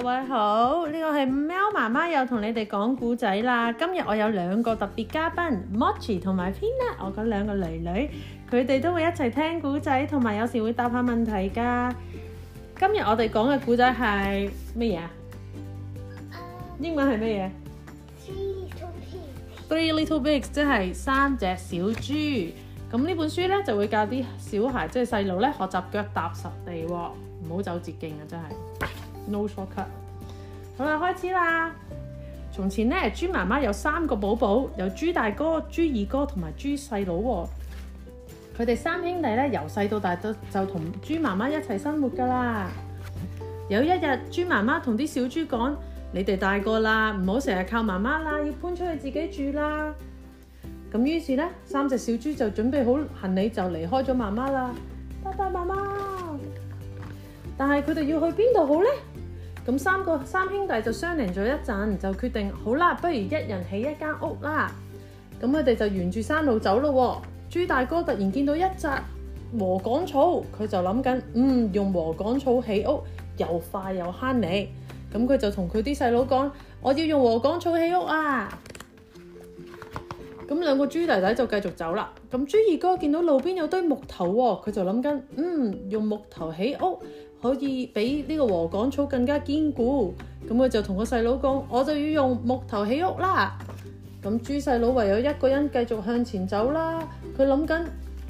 各位好，呢、這個係喵媽媽又同你哋講故仔啦。今日我有兩個特別嘉賓 Mochi 同埋 Pina，我嗰兩個女女，佢哋都會一齊聽故仔，同埋有時會答下問題噶。今日我哋講嘅故仔係咩嘢啊？Uh, 英文係咩嘢？Three little pigs。Three little pigs，即係三隻小豬。咁呢本書呢，就會教啲小孩，即係細路呢，學習腳踏實地，喎，唔好走捷徑啊！真係。No shortcut. 好啦，開始啦。從前呢，豬媽媽有三個寶寶，有豬大哥、豬二哥同埋豬細佬。佢哋三兄弟咧，由細到大就就同豬媽媽一齊生活噶啦。有一日，豬媽媽同啲小豬講：「你哋大個啦，唔好成日靠媽媽啦，要搬出去自己住啦。」咁於是呢，三隻小豬就準備好行李就離開咗媽媽啦。拜拜，媽媽！但係佢哋要去邊度好呢？咁三個三兄弟就商量咗一陣，就決定好啦，不如一人起一間屋啦。咁佢哋就沿住山路走咯、哦。豬大哥突然見到一紮禾稈草，佢就諗緊，嗯，用禾稈草起屋又快又慳你。咁佢就同佢啲細佬講：我要用禾稈草起屋啊！咁兩個豬弟弟就繼續走啦。咁豬二哥見到路邊有堆木頭喎、哦，佢就諗緊，嗯，用木頭起屋。可以比呢個禾稈草更加堅固，咁佢就同個細佬講，我就要用木頭起屋啦。咁豬細佬唯有一個人繼續向前走啦，佢諗緊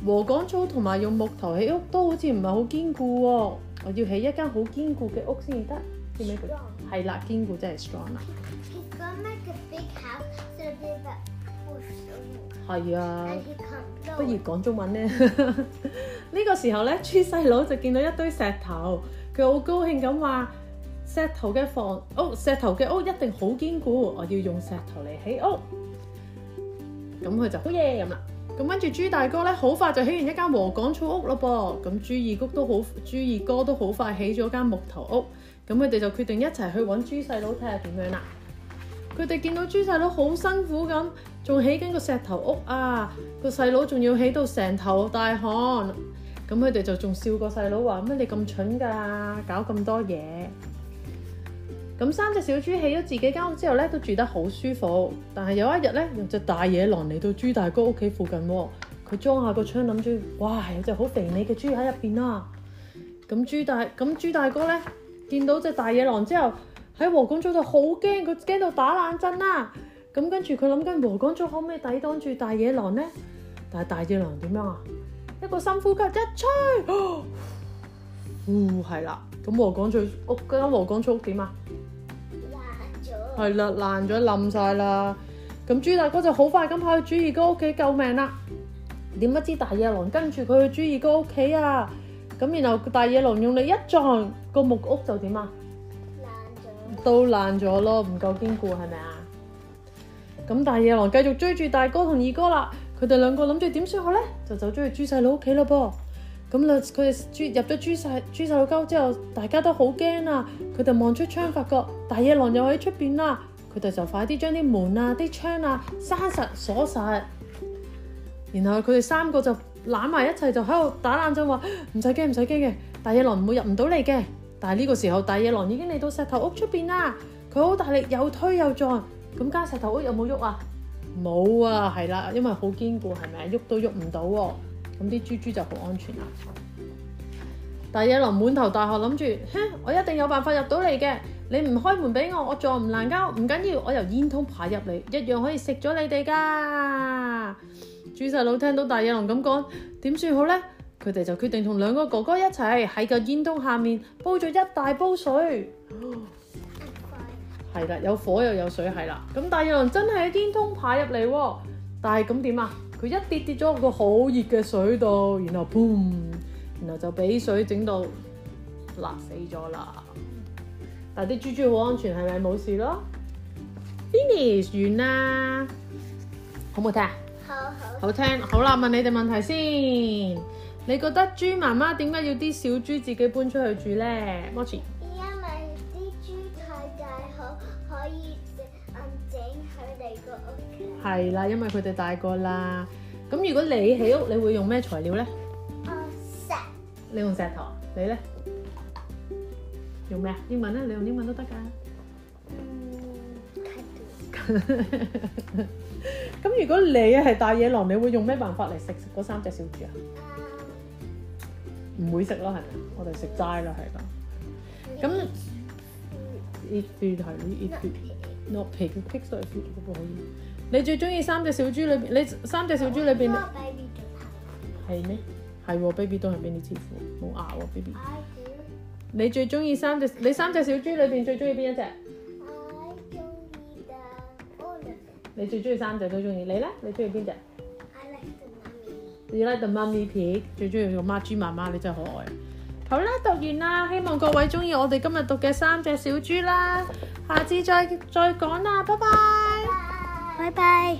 禾稈草同埋用木頭起屋都好似唔係好堅固喎、哦，我要起一間好堅固嘅屋先得。叫咩？係啦硬，堅固真係 strong。強。係啊，不如講中文咧。呢 個時候咧，豬細佬就見到一堆石頭，佢好高興咁話，石頭嘅房屋，哦，石頭嘅屋一定好堅固，我要用石頭嚟起屋。咁佢，嗯嗯，就好嘢咁啦。咁跟住豬大哥咧，好快就起完一間禾稈草屋咯噃。咁豬二谷都好，豬二哥都好快起咗間木頭屋。咁佢哋就決定一齊去搵豬細佬睇下點樣啦。佢哋見到豬細佬好辛苦咁，仲起緊個石頭屋啊！個細佬仲要起到成頭大汗，咁佢哋就仲笑個細佬話：乜你咁蠢㗎，搞咁多嘢！咁三隻小豬起咗自己間屋之後咧，都住得好舒服。但係有一日咧，有隻大野狼嚟到豬大哥屋企附近喎，佢、啊、裝下個窗，諗住：哇，有隻好肥美嘅豬喺入邊啊！咁豬大咁豬大哥咧，見到隻大野狼之後，喺禾稈草就好驚，佢驚到打冷震啦、啊。咁跟住佢諗緊禾稈草可唔可以抵擋住大野狼呢？但係大野狼點樣啊？一個深呼吸，一吹，呼，係啦。咁禾稈草屋，嗰間禾稈草屋點啊？爛咗了，係啦，爛咗冧晒啦。咁豬、e. 大哥就好快咁跑去豬二哥屋企救命啦。點不知大野狼跟住佢去豬二哥屋企啊？咁然後大野狼用力一撞個木屋就點啊？都爛咗咯，唔夠堅固係咪啊？咁大野狼繼續追住大哥同二哥啦，佢哋兩個諗住點算好咧，就走咗去豬細佬屋企咯噃。咁啦，佢哋豬入咗豬細豬細佬溝之後，大家都好驚啊！佢哋望出窗發覺大野狼又喺出邊啦，佢哋就快啲將啲門啊、啲窗啊閂實鎖實。然後佢哋三個就攬埋一齊就喺度打冷震，話唔使驚唔使驚嘅，大野狼唔會入唔到嚟嘅。但係呢個時候，大野狼已經嚟到石頭屋出邊啦，佢好大力，又推又撞，咁加石頭屋有冇喐啊？冇啊，係啦，因為好堅固，係咪？喐都喐唔到，咁啲豬豬就好安全啦，啊。大野狼滿頭大汗，諗住，哼，我一定有辦法入到嚟嘅，你唔開門俾我，我撞唔爛膠，唔緊要，我由煙囪爬入嚟，一樣可以食咗你哋噶。豬細佬聽到大野狼咁講，點算好呢？佢哋就決定同兩個哥哥一齊喺個煙筒下面煲咗一大煲水，係啦、哦怪，有火又有水，係啦。咁大野狼真係喺煙筒排入嚟喎，但係咁點啊？佢一跌跌咗入到好熱嘅水度，然後 boom 然後就俾水整到辣死咗啦。但啲豬豬好安全，係咪冇事咯 Finish 完啦，好唔好聽？好好，好,好聽。好啦，問你哋問題先。你覺得豬媽媽點解要啲小豬自己搬出去住咧？因為啲豬太大好，可可以整佢哋個屋企。係啦，因為佢哋大個啦。咁如果你起屋，你會用咩材料咧？啊，石。你用石頭，你咧用咩啊？英文啊，你用英文都得㗎。咁如果你係大野狼，你會用咩辦法嚟食嗰三隻小豬啊？唔會食咯，係咪？我哋食齋啦，係咯。咁，it’s the red, it’s the no pink pixel, it’s the blue。你最中意三隻小豬裏邊？你三隻小豬裏邊？係咩？係喎，baby 都係俾你照顧，冇牙喎，baby。你最中意三隻？你三隻小豬裏邊最中意邊一隻？我中意 the orange。你最中意三隻都中意，你咧？你中意邊隻？你 like 媽咪 pig，最中意用媽豬媽媽，你真係可愛。好啦，讀完啦，希望各位中意我哋今日讀嘅三隻小豬啦。下次再再講啦，拜拜，拜拜。